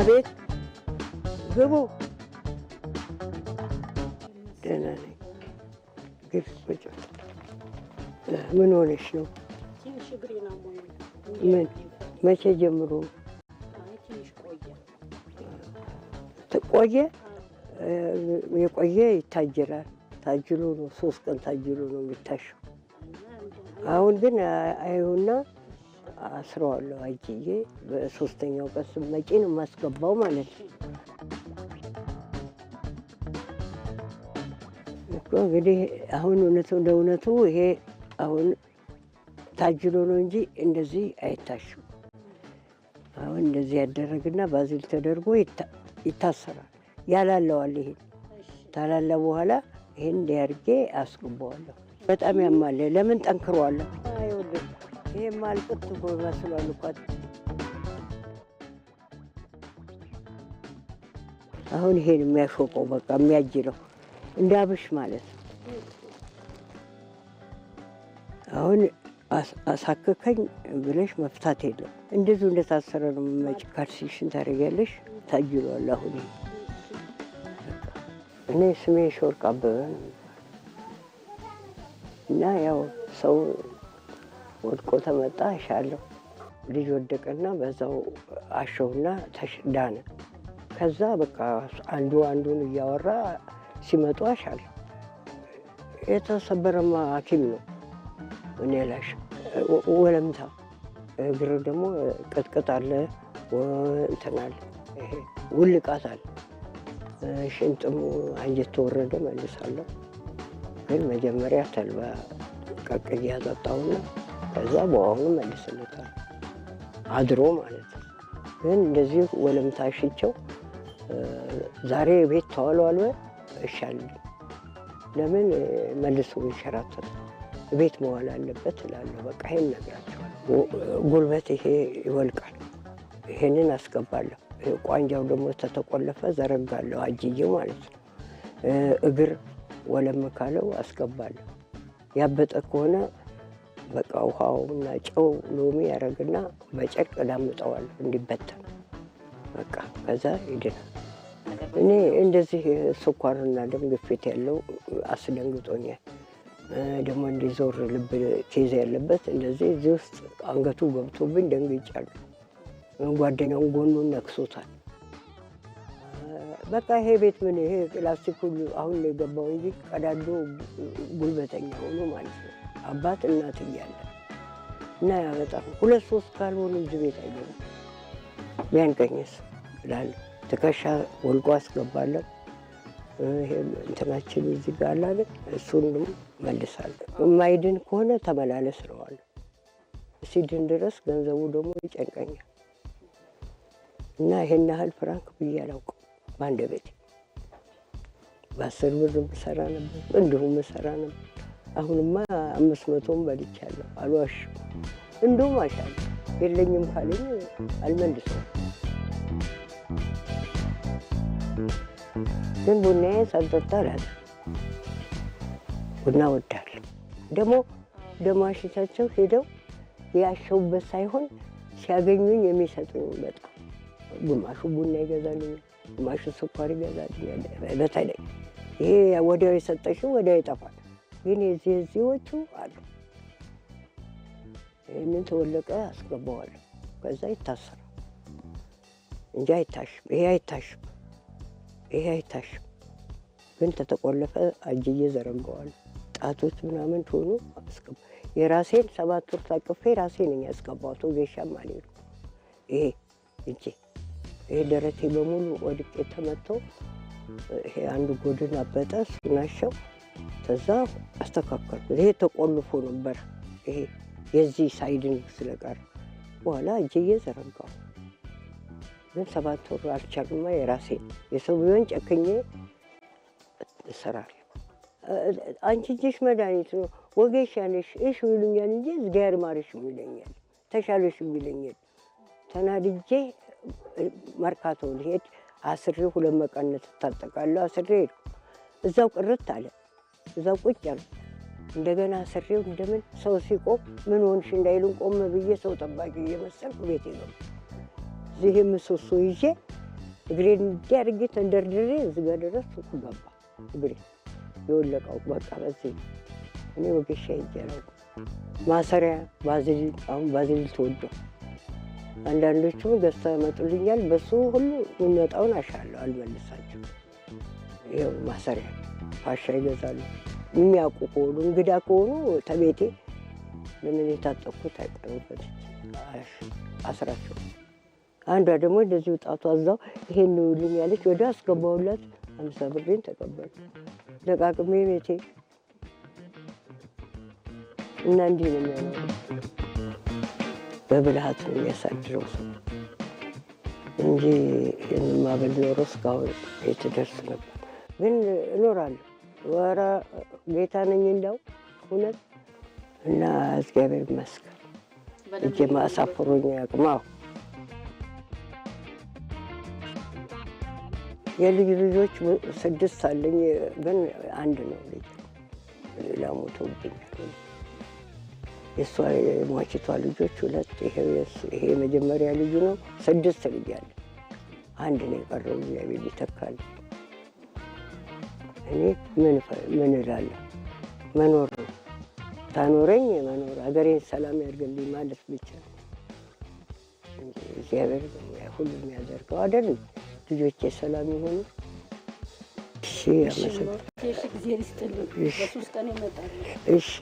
አቤት ግቡ። ደህና ነኝ። ግቢ ቁጭ ምን ሆነሽ ነው? ምን መቼ ጀምሮ ቆየ? የቆየ ይታጀራል። ታጅሎ ነው ሶስት ቀን ታጅሎ ነው የሚታሸው። አሁን ግን አይሁና አስረዋለሁ አይችዬ በሶስተኛው ቀን ስትመጪ ነው የማስገባው ማለት ነው። እንግዲህ አሁን እውነቱ እንደ እውነቱ ይሄ አሁን ታጅሎ ነው እንጂ እንደዚህ አይታሽም። አሁን እንደዚህ ያደረግና ባዚል ተደርጎ ይታሰራል። ያላለዋል ይሄን ታላለ በኋላ ይሄን እንዲያርጌ አስገባዋለሁ። በጣም ያማለ ለምን ጠንክሯዋለሁ ይህ ማልቅት መስሏል እኮ አሁን ይሄን የሚያሾቀው በቃ የሚያጅለው እንዳብሽ ማለት ነው። አሁን አሳክከኝ ብለሽ መፍታት የለም። እንደዚሁ እንደታሰረ ነው የምመጭ ካልሲሽን ታደርጊያለሽ። ታጅሏል። አሁን እኔ ስሜ ሾርቅ አበበ እና ያው ሰው ወድቆ ተመጣ አይሻለሁ። ልጅ ወደቀና በዛው አሸውና ተዳነ። ከዛ በቃ አንዱ አንዱን እያወራ ሲመጡ አሻለሁ የተሰበረማ ሐኪም ነው እኔ ላሽ ወለምታ እግር ደግሞ ቅጥቅጥ አለ እንትን ውልቃት አለ። ሽንጥሙ አንጀት ተወረደ መልሳለሁ። ግን መጀመሪያ ተልባ ቀቅ እያጠጣውና ከዛ በአሁኑ መልስለታል አድሮ ማለት ነው። ግን እንደዚህ ወለምታ ሽቸው ዛሬ ቤት ተዋሏል እሻል ለምን መልሶ ይሸራተት ቤት መዋል አለበት እላለሁ። በቃ ይሄን ነግራቸዋል። ጉልበት ይሄ ይወልቃል፣ ይሄንን አስገባለሁ። ቋንጃው ደግሞ ተተቆለፈ ዘረጋለሁ፣ አጅዬ ማለት ነው። እግር ወለም ካለው አስገባለሁ። ያበጠ ከሆነ በቃ ውሃው እና ጨው ሎሚ ያደረግና በጨርቅ ዳምጠዋል እንዲበተን በቃ ከዛ ይድናል። እኔ እንደዚህ ስኳርና ደም ግፊት ያለው አስደንግጦኛል። ደግሞ እንዲዞር ልብ ኬዝ ያለበት እንደዚህ እዚህ ውስጥ አንገቱ ገብቶብኝ ደንግጫለሁ። ጓደኛውን ጎኑን ነክሶታል። በቃ ይሄ ቤት ምን ይሄ ፕላስቲክ ሁሉ አሁን የገባው እንጂ ቀዳዶ ጉልበተኛ ሆኖ ማለት ነው። አባት እናት እያለ እና ያ በጣም ሁለት ሶስት ካልሆኑ እዚህ ቤት አይገቡም። ቢያንቀኝስ ላል ትከሻ ወልቆ አስገባለሁ። እንትናችን እዚህ ጋር አላለ እሱን መልሳለሁ። የማይድን ከሆነ ተመላለስ እለዋለሁ። ሲድን ድረስ ገንዘቡ ደግሞ ይጨንቀኛል እና ይሄን ያህል ፍራንክ ብዬ አላውቅም። በአንድ ቤት በአስር ብር ብሰራ ነበር፣ እንዲሁም ነበር። አሁንማ አምስት መቶም በልቻለሁ። አልዋሽም። እንደውም አሻል የለኝም ካለኝ አልመልሰውም። ግን ቡናዬ ሳልጠጣ አላውቅም። ቡና ወዳለሁ። ደግሞ ደማሽቻቸው ሄደው ያሸውበት ሳይሆን ሲያገኙኝ የሚሰጡኝ በጣም ግማሹ ቡና ይገዛልኝ፣ ግማሹ ስኳር ይገዛልኝ። በተለይ ይሄ ወዲያው የሰጠሽው ወዲያው ይጠፋል። ግን የዚዎቹ አሉ። ይህንን ተወለቀ አስገባዋለሁ። ከዛ ይታሰራል እንጂ አይታሽም። ይሄ አይታሽም፣ ይሄ አይታሽም። ግን ተተቆለፈ አጅዬ ዘረገዋል። ጣቶች ምናምን ሆኑ አስገባ የራሴን ሰባት ወር ታቅፌ ራሴን ነኝ ያስገባሁት። ጌሻም አልሄድኩም። ይሄ እጄ ይሄ ደረቴ በሙሉ ወድቄ ተመቶ ይሄ አንዱ ጎድን አበጠ ሲናሸው ከዛ አስተካከልኩ። ይሄ ተቆልፎ ነበር ይሄ የዚህ ሳይድን ስለቀር በኋላ እጄ እየዘረጋው ግን ሰባት ወር አልቻልማ። የራሴ የሰው ቢሆን ጨክኜ እሰራለሁ። አንቺ እጅሽ መድኃኒት ነው ወጌ ሻለሽ እሽ ይሉኛል እንጂ እግዚአብሔር ማርሽ ይለኛል፣ ተሻለሽ ይለኛል። ተናድጄ መርካቶ ልሄድ አስሬ ሁለት መቀነት እታጠቃለሁ አስሬ ሄድኩ። እዛው ቅርት አለ። እዛው ቁጭ ያሉ እንደገና ስሬው እንደምን ሰው ሲቆም ምን ሆንሽ እንዳይሉን ቆም ብዬ ሰው ጠባቂ እየመሰልኩ ቤቴ ነው። እዚህ ምሰሶ ይዤ እግሬ እንዲህ አድርጌ ተንደርድሬ እዚህ ጋር ድረስ ሱቁ ገባ። እግሬ የወለቀው በቃ በዚህ እኔ ወገሻ ይዤ ማሰሪያ ባዝሊን፣ አሁን ባዝሊን ተወዶ አንዳንዶቹ ገዝታ ያመጡልኛል። በሱ ሁሉ የሚወጣውን አሻለሁ አልመልሳቸው ይኸው ማሰሪያ ፋሻ ይገዛሉ። የሚያውቁ ከሆኑ እንግዳ ከሆኑ ተቤቴ ለምን የታጠቁት አይቀሩበት አስራቸው። አንዷ ደግሞ እንደዚህ ጣቷ እዛው ይሄን ይውልኝ ያለች ወደ አስገባውላት አምሳ ብሬን ተቀበሉ ደቃቅሜ ቤቴ እና እንዲህ ነው የሚያ በብልሃት ነው የሚያሳድረው ሰው እንጂ ይህን ማበል ኖሮ እስካሁን የት ነበር። ግን እኖራለሁ። ወረ ጌታ ነኝ እንደው እውነት እና እግዚአብሔር ይመስገን። እጄ ማሳፍሮኝ ያቅማው የልጅ ልጆች ስድስት አለኝ፣ ግን አንድ ነው ልጅ ላሞቶብኛል። የእሷ የሟችቷ ልጆች ሁለት፣ ይሄ የመጀመሪያ ልጁ ነው። ስድስት ልጅ አለ፣ አንድ ነው የቀረው እግዚአብሔር ይተካል። እኔ ምን እላለሁ? መኖር ነው ታኖረኝ መኖር ሀገሬን ሰላም ያድርግልኝ ማለት ብቻ ነው። እግዚአብሔር ሁሉም ያደርገው አይደል? ልጆቼ ሰላም የሆኑ እሺ፣ አመሰግናለሁ። እሺ፣